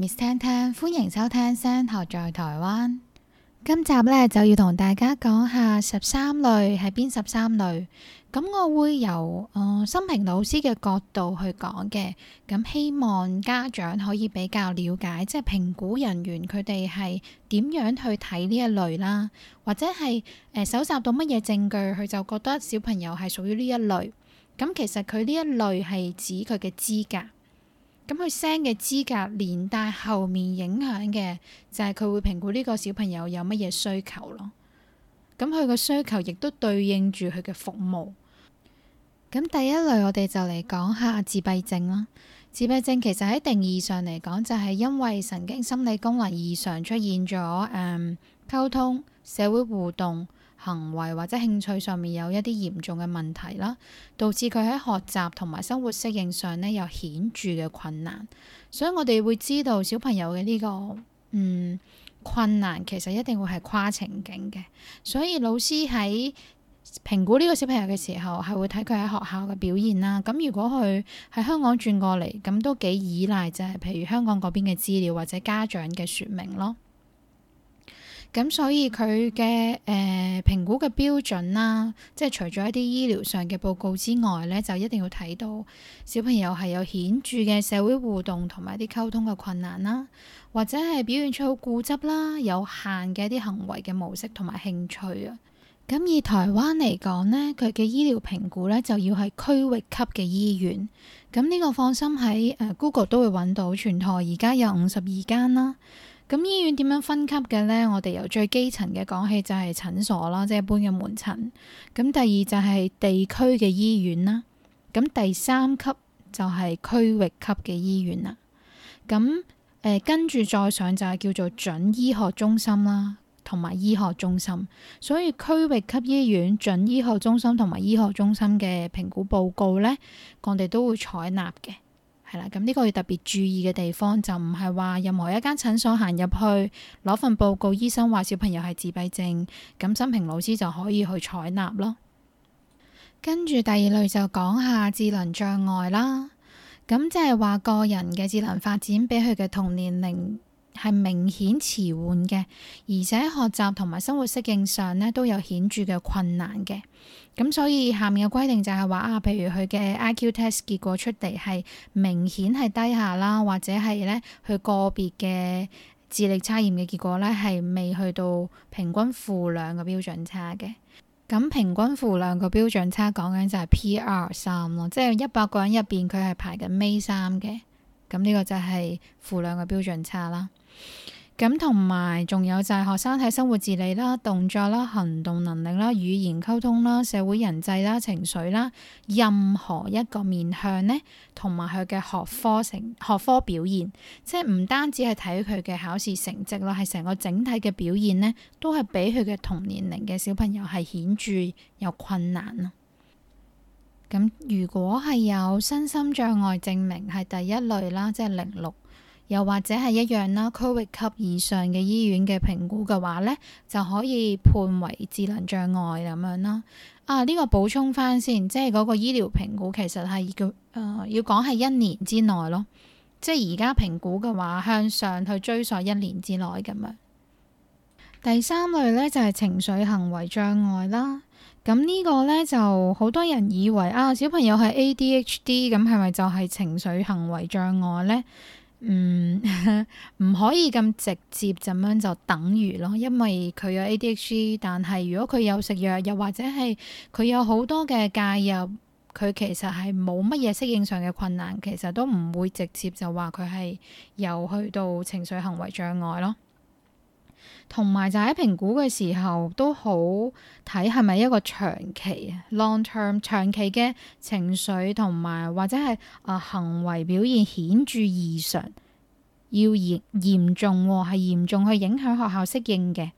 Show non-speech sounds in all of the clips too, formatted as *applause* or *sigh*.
Miss 婷婷歡迎收聽聲《聲學在台灣》。今集咧就要同大家講下十三類係邊十三類。咁我會由誒心評老師嘅角度去講嘅。咁希望家長可以比較了解，即係評估人員佢哋係點樣去睇呢一類啦，或者係誒、呃、搜集到乜嘢證據，佢就覺得小朋友係屬於呢一類。咁其實佢呢一類係指佢嘅資格。咁佢 SEN 嘅資格，連帶後面影響嘅就係佢會評估呢個小朋友有乜嘢需求咯。咁佢個需求亦都對應住佢嘅服務。咁第一類我哋就嚟講下自閉症啦。自閉症其實喺定義上嚟講，就係因為神經心理功能異常出現咗誒、嗯、溝通、社會互動、行為或者興趣上面有一啲嚴重嘅問題啦，導致佢喺學習同埋生活適應上呢有顯著嘅困難，所以我哋會知道小朋友嘅呢個嗯困難其實一定會係跨情境嘅，所以老師喺評估呢個小朋友嘅時候係會睇佢喺學校嘅表現啦。咁如果佢喺香港轉過嚟，咁都幾依賴就係譬如香港嗰邊嘅資料或者家長嘅説明咯。咁所以佢嘅誒評估嘅標準啦，即係除咗一啲醫療上嘅報告之外咧，就一定要睇到小朋友係有顯著嘅社會互動同埋啲溝通嘅困難啦，或者係表現出好固執啦、有限嘅一啲行為嘅模式同埋興趣啊。咁以台灣嚟講咧，佢嘅醫療評估咧就要係區域級嘅醫院。咁呢個放心喺誒 Google 都會揾到全台而家有五十二間啦。咁醫院點樣分級嘅咧？我哋由最基層嘅講起，就係診所啦，即係一般嘅門診。咁第二就係地區嘅醫院啦。咁第三級就係區域級嘅醫院啦。咁誒跟住再上就係叫做準醫學中心啦，同埋醫學中心。所以區域級醫院、準醫學中心同埋醫學中心嘅評估報告咧，我哋都會採納嘅。係啦，咁呢個要特別注意嘅地方就唔係話任何一間診所行入去攞份報告，醫生話小朋友係自閉症，咁心評老師就可以去採納咯。跟住第二類就講下智能障礙啦，咁即係話個人嘅智能發展比佢嘅同年齡，係明顯遲緩嘅，而且學習同埋生活適應上咧都有顯著嘅困難嘅。咁所以下面嘅規定就係話啊，譬如佢嘅 I Q test 結果出嚟係明顯係低下啦，或者係咧佢個別嘅智力測驗嘅結果咧係未去到平均負兩個標準差嘅。咁平均負兩個標準差講緊就係 P R 三咯，即係一百個人入邊佢係排緊尾三嘅。咁呢個就係負兩個標準差啦。咁同埋仲有就係學生喺生活自理啦、動作啦、行動能力啦、語言溝通啦、社會人際啦、情緒啦，任何一個面向呢，同埋佢嘅學科成學科表現，即係唔單止係睇佢嘅考試成績咯，係成個整體嘅表現呢，都係比佢嘅同年齡嘅小朋友係顯著有困難啦。咁如果係有身心障礙證明係第一類啦，即係零六。又或者係一樣啦，區域級以上嘅醫院嘅評估嘅話呢，就可以判為智能障礙咁樣啦。啊，呢、這個補充翻先，即係嗰個醫療評估其實係叫誒，要講係一年之內咯。即係而家評估嘅話，向上去追溯一年之內咁樣。第三類呢，就係、是、情緒行為障礙啦。咁呢個呢，就好多人以為啊，小朋友係 ADHD，咁係咪就係情緒行為障礙呢？唔唔、嗯、 *laughs* 唔可以咁直接，咁樣就等於咯，因為佢有 ADHD，但係如果佢有食藥，又或者係佢有好多嘅介入，佢其實係冇乜嘢適應上嘅困難，其實都唔會直接就話佢係有去到情緒行為障礙咯。同埋就喺評估嘅時候都好睇，係咪一個長期 long term 長期嘅情緒同埋或者係啊、呃、行為表現顯著異常，要嚴嚴重係、哦、嚴重去影響學校適應嘅。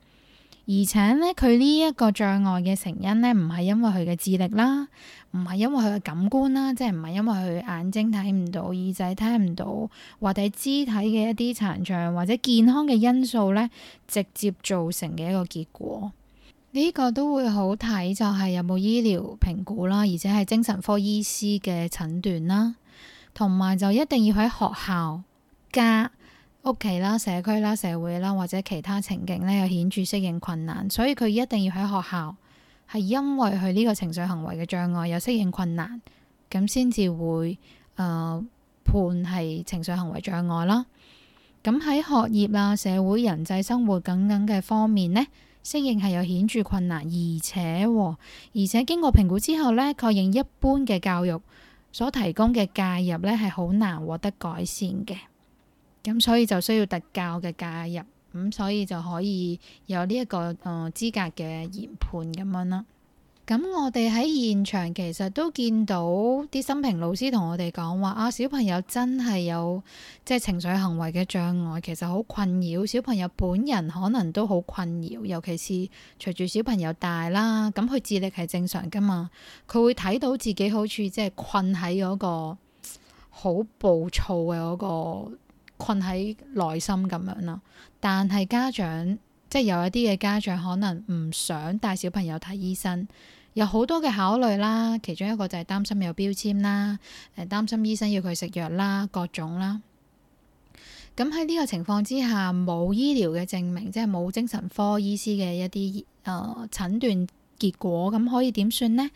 而且咧，佢呢一個障礙嘅成因咧，唔係因為佢嘅智力啦，唔係因為佢嘅感官啦，即係唔係因為佢眼睛睇唔到、耳仔聽唔到，或者肢體嘅一啲殘障或者健康嘅因素咧，直接造成嘅一個結果。呢個都會好睇，就係有冇醫療評估啦，而且係精神科醫師嘅診斷啦，同埋就一定要喺學校家。屋企啦、社區啦、社會啦，或者其他情景呢，有顯著適應困難，所以佢一定要喺學校。係因為佢呢個情緒行為嘅障礙有適應困難，咁先至會誒、呃、判係情緒行為障礙啦。咁喺學業啦、社會人際生活等等嘅方面呢，適應係有顯著困難，而且、哦、而且經過評估之後呢，確認一般嘅教育所提供嘅介入呢，係好難獲得改善嘅。咁、嗯、所以就需要特教嘅介入，咁、嗯、所以就可以有呢、這、一個誒資、呃、格嘅研判咁樣啦。咁、嗯、我哋喺現場其實都見到啲心評老師同我哋講話啊，小朋友真係有即係情緒行為嘅障礙，其實好困擾小朋友本人，可能都好困擾。尤其是隨住小朋友大啦，咁、嗯、佢智力係正常噶嘛，佢會睇到自己好似即係困喺嗰、那個好暴躁嘅嗰、那個。困喺內心咁樣啦，但係家長即係、就是、有一啲嘅家長可能唔想帶小朋友睇醫生，有好多嘅考慮啦，其中一個就係擔心有標籤啦，誒擔心醫生要佢食藥啦，各種啦。咁喺呢個情況之下，冇醫療嘅證明，即係冇精神科醫師嘅一啲誒診斷。呃結果咁可以點算咧？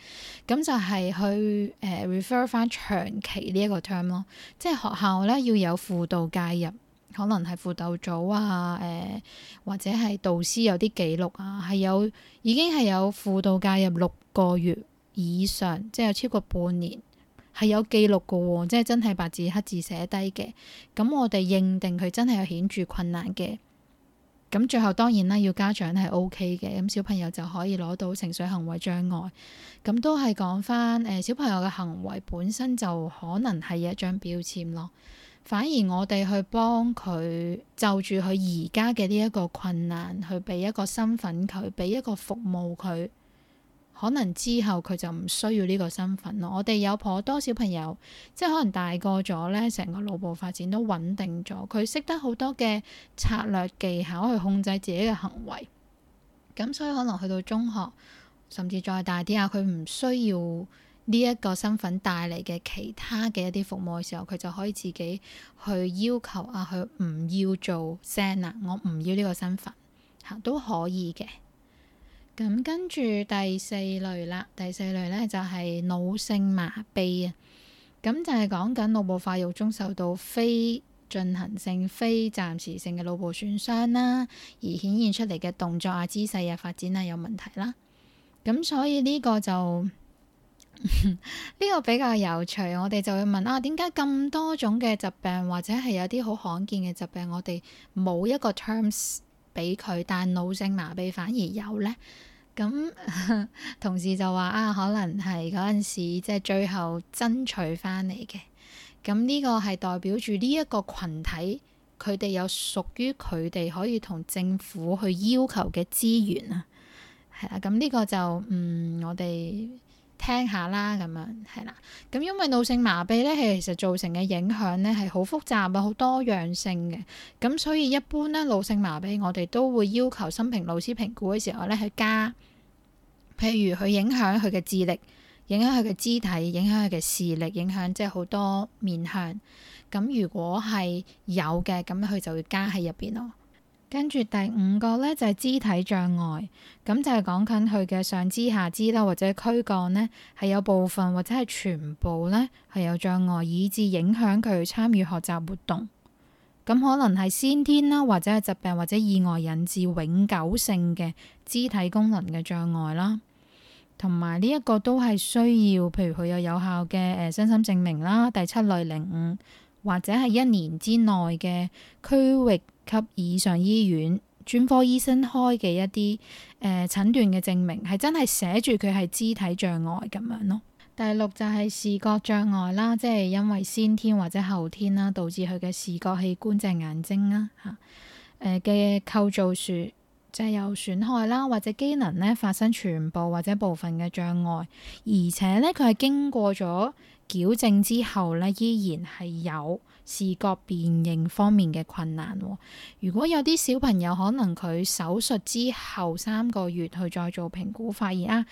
咁就係去誒 refer 翻長期呢一個 term 咯，即係學校咧要有輔導介入，可能係輔導組啊，誒、呃、或者係導師有啲記錄啊，係有已經係有輔導介入六個月以上，即係有超過半年，係有記錄㗎喎，即係真係白字黑字寫低嘅。咁我哋認定佢真係有顯著困難嘅。咁最後當然啦，要家長係 OK 嘅，咁小朋友就可以攞到情緒行為障礙，咁都係講返，呃，小朋友嘅行為本身就可能係一張標籤咯，反而我哋去幫佢，就住佢而家嘅呢一個困難，去俾一個身份佢，俾一個服務佢。可能之後佢就唔需要呢個身份咯。我哋有頗多小朋友，即係可能大個咗咧，成個腦部發展都穩定咗，佢識得好多嘅策略技巧去控制自己嘅行為。咁所以可能去到中學，甚至再大啲啊，佢唔需要呢一個身份帶嚟嘅其他嘅一啲服務嘅時候，佢就可以自己去要求啊，佢唔要做 SEN、啊、我唔要呢個身份嚇、啊、都可以嘅。咁跟住第四類啦，第四類咧就係腦性麻痹啊。咁就係講緊腦部發育中受到非進行性、非暫時性嘅腦部損傷啦，而顯現出嚟嘅動作啊、姿勢啊發展啊有問題啦。咁所以呢個就呢 *laughs* 個比較有趣，我哋就會問啊，點解咁多種嘅疾病或者係有啲好罕見嘅疾病，我哋冇一個 terms。俾佢，但腦性麻痹反而有呢。咁同事就話啊，可能係嗰陣時即係、就是、最後爭取翻嚟嘅。咁呢個係代表住呢一個群體，佢哋有屬於佢哋可以同政府去要求嘅資源啊。係啦，咁呢個就嗯我哋。聽下啦，咁樣係啦。咁因為腦性麻痹咧，係其實造成嘅影響咧係好複雜啊，好多樣性嘅。咁所以一般咧，腦性麻痹我哋都會要求心評老師評估嘅時候咧，去加，譬如佢影響佢嘅智力，影響佢嘅肢體，影響佢嘅視力，影響即係好多面向。咁如果係有嘅，咁佢就會加喺入邊咯。跟住第五個咧就係、是、肢體障礙，咁就係講緊佢嘅上肢、下肢啦，或者軀幹咧，係有部分或者係全部咧係有障礙，以致影響佢參與學習活動。咁可能係先天啦，或者係疾病或者意外引致永久性嘅肢體功能嘅障礙啦。同埋呢一個都係需要，譬如佢有有效嘅誒、呃、身心證明啦，第七類零五，或者係一年之內嘅區域及以上醫院專科醫生開嘅一啲誒、呃、診斷嘅證明，係真係寫住佢係肢體障礙咁樣咯。第六就係視覺障礙啦，即係因為先天或者後天啦，導致佢嘅視覺器官，即係眼睛啦、嚇誒嘅構造損，即、就、係、是、有損害啦，或者機能咧發生全部或者部分嘅障礙，而且咧佢係經過咗矯正之後咧，依然係有。視覺辨認方面嘅困難喎。如果有啲小朋友，可能佢手術之後三個月去再做評估，發現啊，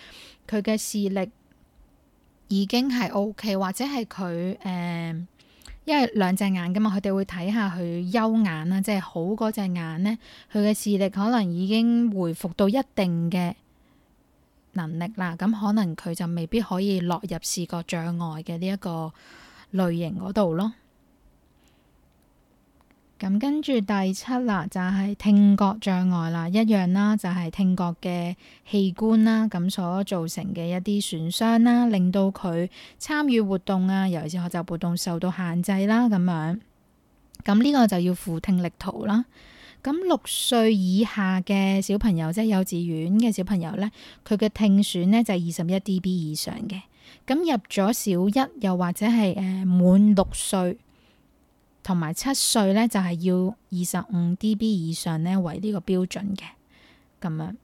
佢嘅視力已經係 OK，或者係佢誒，因為兩隻眼㗎嘛，佢哋會睇下佢優眼啦，即係好嗰隻眼呢，佢嘅視力可能已經恢復到一定嘅能力啦。咁可能佢就未必可以落入視覺障礙嘅呢一個類型嗰度咯。咁跟住第七啦，就係聽覺障礙啦，一樣啦，就係聽覺嘅器官啦，咁所造成嘅一啲損傷啦，令到佢參與活動啊，尤其是學習活動受到限制啦，咁樣。咁呢個就要附聽力圖啦。咁六歲以下嘅小朋友，即係幼稚園嘅小朋友呢，佢嘅聽損呢就係二十一 dB 以上嘅。咁入咗小一，又或者係誒滿六歲。同埋七歲呢，就係、是、要二十五 dB 以上呢，為呢個標準嘅咁樣。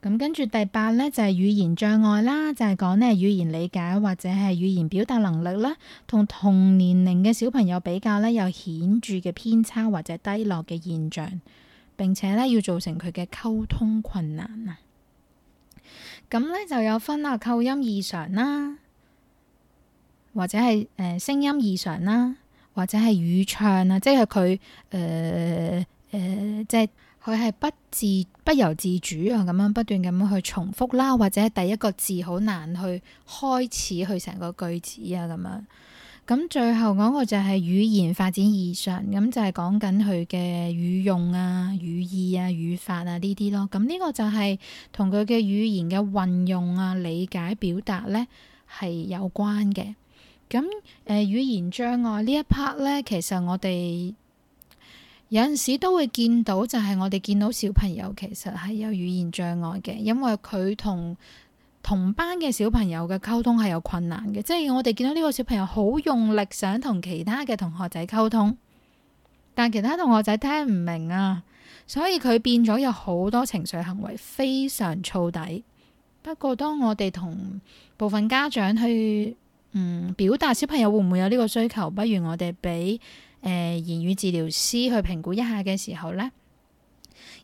咁跟住第八呢，就係、是、語言障礙啦，就係、是、講呢語言理解或者係語言表達能力啦，同同年齡嘅小朋友比較呢，有顯著嘅偏差或者低落嘅現象，並且呢要造成佢嘅溝通困難啊。咁呢就有分啦，構音異常啦，或者係誒、呃、聲音異常啦。或者係語暢啊，即係佢誒誒，即係佢係不自不由自主咁樣不斷咁樣去重複啦，或者第一個字好難去開始去成個句子啊，咁樣。咁最後嗰個就係語言發展異常，咁就係講緊佢嘅語用啊、語意啊、語法啊呢啲咯。咁呢個就係同佢嘅語言嘅運用啊、理解、表達咧係有關嘅。咁誒、呃、語言障礙呢一 part 呢，其實我哋有陣時都會見到，就係我哋見到小朋友其實係有語言障礙嘅，因為佢同同班嘅小朋友嘅溝通係有困難嘅，即係我哋見到呢個小朋友好用力想同其他嘅同學仔溝通，但其他同學仔聽唔明啊，所以佢變咗有好多情緒行為，非常燥底。不過當我哋同部分家長去。嗯，表達小朋友會唔會有呢個需求？不如我哋俾誒言語治療師去評估一下嘅時候呢。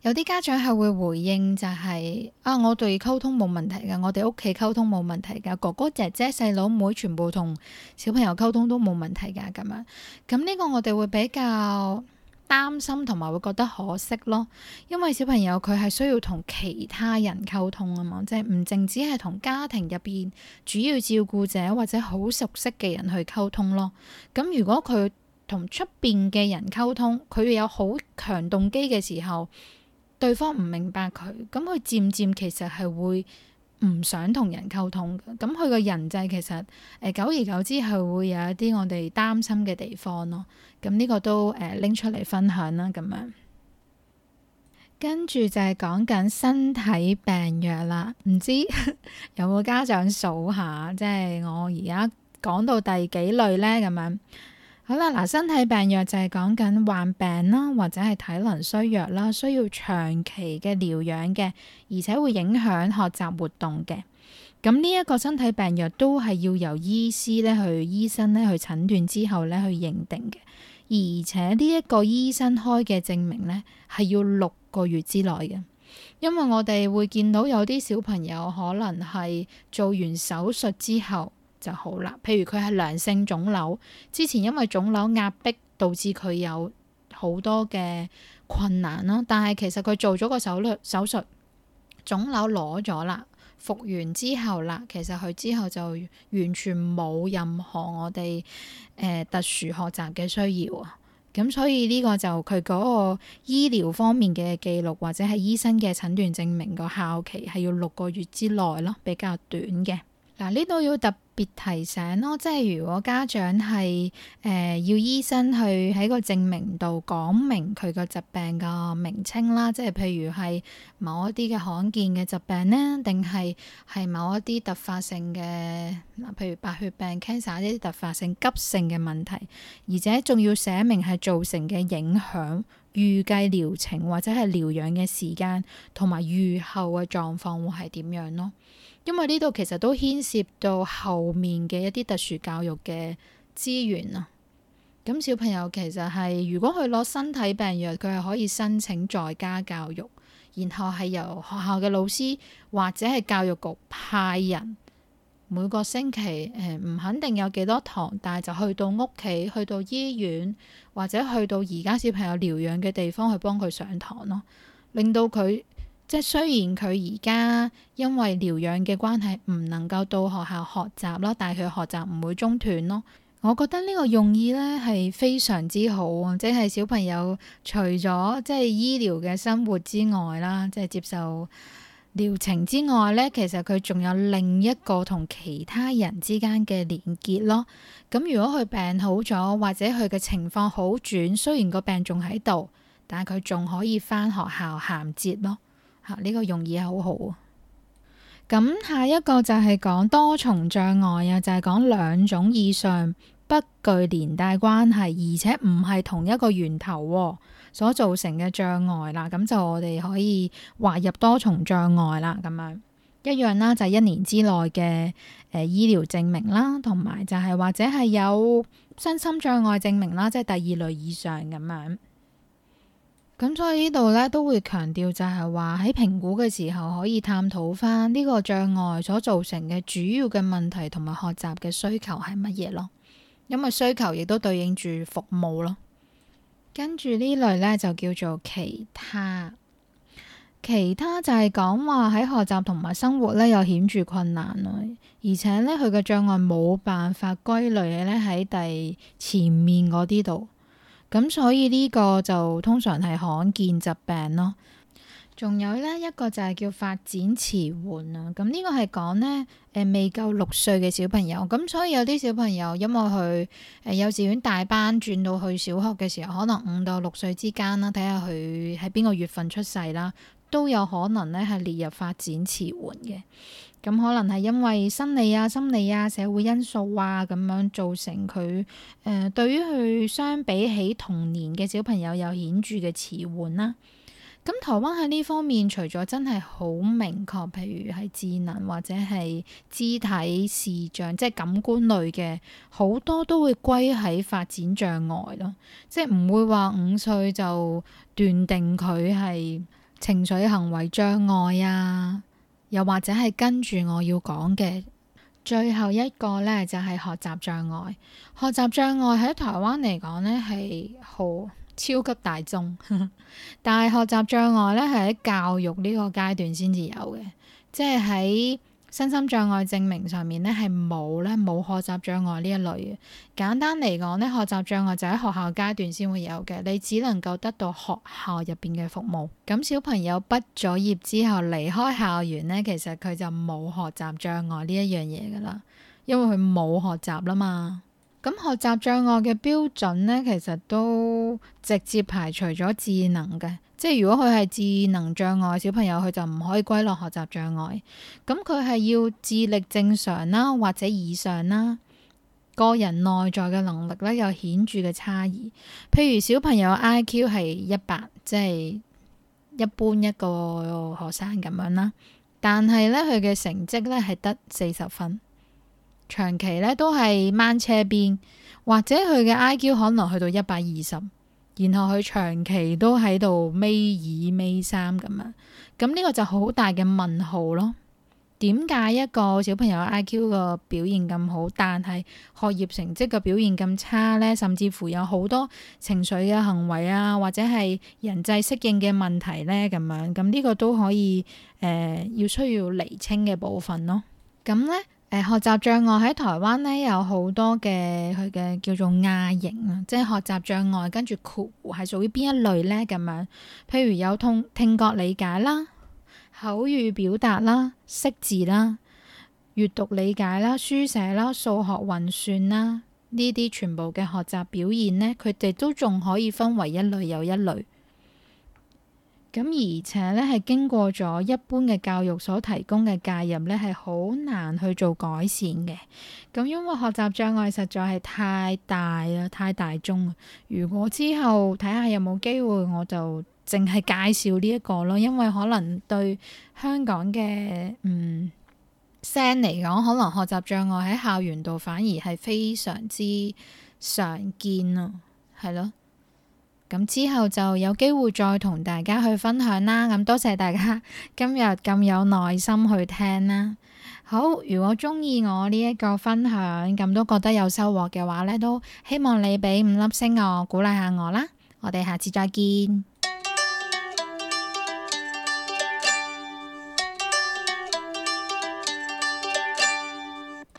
有啲家長係會回應就係啊，我哋溝通冇問題㗎，我哋屋企溝通冇問題㗎，哥哥姐姐、細佬妹全部同小朋友溝通都冇問題㗎，咁樣。咁呢個我哋會比較。擔心同埋會覺得可惜咯，因為小朋友佢係需要同其他人溝通啊嘛，即係唔淨只係同家庭入邊主要照顧者或者好熟悉嘅人去溝通咯。咁如果佢同出邊嘅人溝通，佢要有好強動機嘅時候，對方唔明白佢，咁佢漸漸其實係會唔想同人溝通嘅，咁佢個人際其實誒、呃、久而久之係會有一啲我哋擔心嘅地方咯。咁呢個都誒拎、呃、出嚟分享啦，咁樣。跟住就係講緊身體病弱啦，唔知 *laughs* 有冇家長數下，即係我而家講到第幾類呢？咁樣。好啦，嗱，身體病弱就係講緊患病啦，或者係體能衰弱啦，需要長期嘅療養嘅，而且會影響學習活動嘅。咁呢一個身體病弱都係要由醫師咧，去醫生咧去診斷之後咧去認定嘅，而且呢一個醫生開嘅證明咧係要六個月之內嘅，因為我哋會見到有啲小朋友可能係做完手術之後。就好啦。譬如佢係良性腫瘤，之前因為腫瘤壓迫導致佢有好多嘅困難啦、啊。但係其實佢做咗個手術手術，腫瘤攞咗啦，復完之後啦，其實佢之後就完全冇任何我哋誒、呃、特殊學習嘅需要啊。咁所以呢個就佢嗰個醫療方面嘅記錄或者係醫生嘅診斷證明個效期係要六個月之內咯，比較短嘅。嗱，呢度要特別提醒咯，即係如果家長係誒、呃、要醫生去喺個證明度講明佢個疾病個名稱啦，即係譬如係某一啲嘅罕見嘅疾病咧，定係係某一啲突發性嘅，譬如白血病 cancer 呢啲突發性急性嘅問題，而且仲要寫明係造成嘅影響。預計療程或者係療養嘅時間，同埋預後嘅狀況會係點樣咯？因為呢度其實都牽涉到後面嘅一啲特殊教育嘅資源啊。咁小朋友其實係如果佢攞身體病弱，佢係可以申請在家教育，然後係由學校嘅老師或者係教育局派人。每個星期誒、呃，唔肯定有幾多堂，但係就去到屋企、去到醫院或者去到而家小朋友療養嘅地方去幫佢上堂咯，令到佢即係雖然佢而家因為療養嘅關係唔能夠到學校學習咯，但係佢學習唔會中斷咯。我覺得呢個用意咧係非常之好啊，即係小朋友除咗即係醫療嘅生活之外啦，即係接受療程之外咧，其實佢仲有另一個同其他人之間嘅連結咯。咁如果佢病好咗，或者佢嘅情況好轉，雖然個病仲喺度，但係佢仲可以返學校銜接咯。嚇，哦，呢個用意好好啊。咁下一個就係講多重障礙啊，就係講兩種以上。不具連帶關係，而且唔係同一個源頭、哦、所造成嘅障礙啦。咁就我哋可以劃入多重障礙啦。咁樣一樣啦，就係、是、一年之內嘅誒、呃、醫療證明啦，同埋就係或者係有身心障礙證明啦，即係第二類以上咁樣。咁所以呢度呢都會強調就，就係話喺評估嘅時候可以探討翻呢個障礙所造成嘅主要嘅問題同埋學習嘅需求係乜嘢咯。因為需求亦都對應住服務咯，跟住呢類咧就叫做其他，其他就係講話喺學習同埋生活咧有顯著困難咯，而且咧佢嘅障礙冇辦法歸類咧喺第前面嗰啲度，咁所以呢個就通常係罕見疾病咯。仲有呢一個就係叫發展遲緩啊，咁呢個係講呢，誒未夠六歲嘅小朋友，咁所以有啲小朋友因為佢誒幼稚園大班轉到去小學嘅時候，可能五到六歲之間啦，睇下佢喺邊個月份出世啦，都有可能呢係列入發展遲緩嘅，咁可能係因為生理啊、心理啊、社會因素啊咁樣造成佢誒、呃、對於佢相比起同年嘅小朋友有顯著嘅遲緩啦。咁台灣喺呢方面，除咗真係好明確，譬如係智能或者係肢體視像，即係感官類嘅，好多都會歸喺發展障礙咯。即係唔會話五歲就斷定佢係情緒行為障礙啊，又或者係跟住我要講嘅最後一個咧，就係學習障礙。學習障礙喺台灣嚟講咧係好超級大眾， *laughs* 但係學習障礙咧係喺教育呢個階段先至有嘅，即係喺身心障礙證明上面咧係冇咧冇學習障礙呢一類嘅。簡單嚟講咧，學習障礙就喺學校階段先會有嘅，你只能夠得到學校入邊嘅服務。咁小朋友畢咗業之後離開校園咧，其實佢就冇學習障礙呢一樣嘢㗎啦，因為佢冇學習啦嘛。咁學習障礙嘅標準咧，其實都直接排除咗智能嘅，即係如果佢係智能障礙，小朋友佢就唔可以歸落學習障礙。咁佢係要智力正常啦，或者以上啦，個人內在嘅能力咧有顯著嘅差異。譬如小朋友 IQ 係一百，即係一般一個學生咁樣啦，但係咧佢嘅成績咧係得四十分。長期咧都係掹車邊，或者佢嘅 I.Q 可能去到一百二十，然後佢長期都喺度尾二尾三咁樣，咁呢、這個就好大嘅問號咯。點解一個小朋友嘅 I.Q 個表現咁好，但係學業成績嘅表現咁差呢？甚至乎有好多情緒嘅行為啊，或者係人際適應嘅問題呢？咁樣，咁呢、這個都可以誒、呃、要需要厘清嘅部分咯。咁呢。誒學習障礙喺台灣呢，有好多嘅佢嘅叫做亞型啊，即係學習障礙跟住括弧係屬於邊一類呢？咁樣譬如有痛聽覺理解啦、口語表達啦、識字啦、閱讀理解啦、書寫啦、數學運算啦呢啲全部嘅學習表現呢，佢哋都仲可以分為一類又一類。咁而且咧，係經過咗一般嘅教育所提供嘅介入咧，係好難去做改善嘅。咁因為學習障礙實在係太大啦，太大宗。如果之後睇下有冇機會，我就淨係介紹呢一個咯。因為可能對香港嘅嗯聲嚟講，可能學習障礙喺校園度反而係非常之常見咯，係咯。咁之後就有機會再同大家去分享啦。咁多謝大家今日咁有耐心去聽啦。好，如果中意我呢一個分享，咁都覺得有收穫嘅話咧，都希望你俾五粒星我，鼓勵下我啦。我哋下次再見。